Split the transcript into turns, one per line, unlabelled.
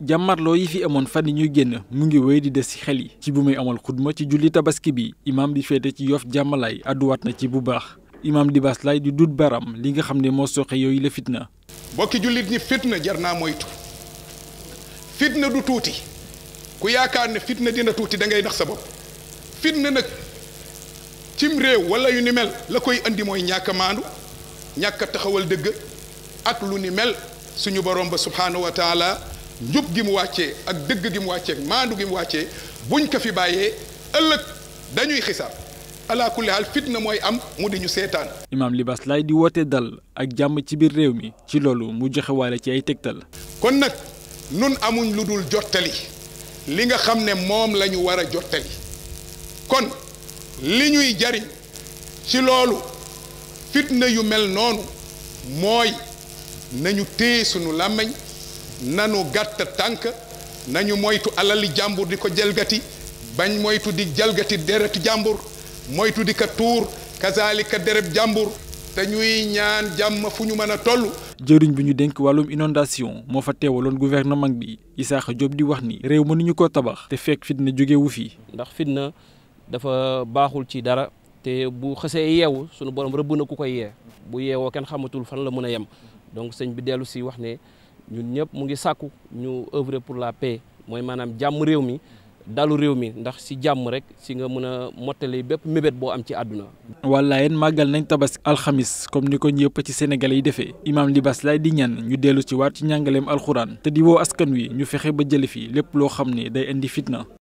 jàmmarloo yi fi amoon fan yi ñuy génn mu ngi wéy di des ci xel yi ci bu muy amal xudma ci julli tabaski bi imaam di féete ci Yoff jàmmalaay àdduwaat na ci bu baax imaam di baas lay di dut baram li
nga xam ne moo soxe
yooyu la fitna
bokki jullit ñi fitna jar naa moytu fitna du tuuti ku yaakaar ne fitna dina tuuti da ngay nax sa bopp fitna nag cim réew wala yu ni mel la koy indi mooy ñàkk a maandu ñàkk a taxawal dëgg ak lu ni mel suñu borom ba subhaanahu wa njub gi mu wàccee ak dëgg gi mu wàccee ak maandu gi mu wàccee buñ ko fi bàyyee ëllëg dañuy xisaab ala kulli haal fitna mooy am mu di ñu seetaan.
imaam Libaas Laay di woote dal ak jàmm ci biir réew mi ci loolu mu joxe waale ci ay tegtal. kon
nag nun amuñ lu dul jottali li nga xam ne moom lañu ñu war a jottali kon li ñuy jariñ ci loolu fitna yu mel noonu mooy nañu téye sunu làmmiñ nanu gàtt tànk nañu moytu alali jàmbur di ko jalgati bañ moytu di jalgati deret jàmbur moytu di ka tuur kazalika deret jàmbur te ñuy ñaan jàmm fu ñu mën a toll. jëriñ
bi ñu dénk wàllum inondation moo fa teewaloon gouvernement bi Isaaxa Diop di wax ni. réew mënuñu ko tabax. te fekk fitna jóge wu fi.
ndax fitna dafa baaxul ci dara. te bu xësee yeewu sunu borom rëbb na ku koy yee. bu yeewoo kenn xamatul fan la mën a yem donc sëñ bi dellu si wax ne. ñun ñëpp mu ngi sàkku ñu œuvrer pour la paix mooy maanaam jàmm réew mi dalu réew mi ndax si jàmm rek si nga mën a mottali bépp mébét boo am ci àdduna.
walla yéen màggal nañ tabaski alxamis comme ni ko ñëpp ci Sénégal yi defee imaam Libaas lay di ñaan ñu dellu ci waat ci njàngaleem alxuraan te di woo askan wi ñu fexe ba jële fii lépp loo xam ne day indi fitna.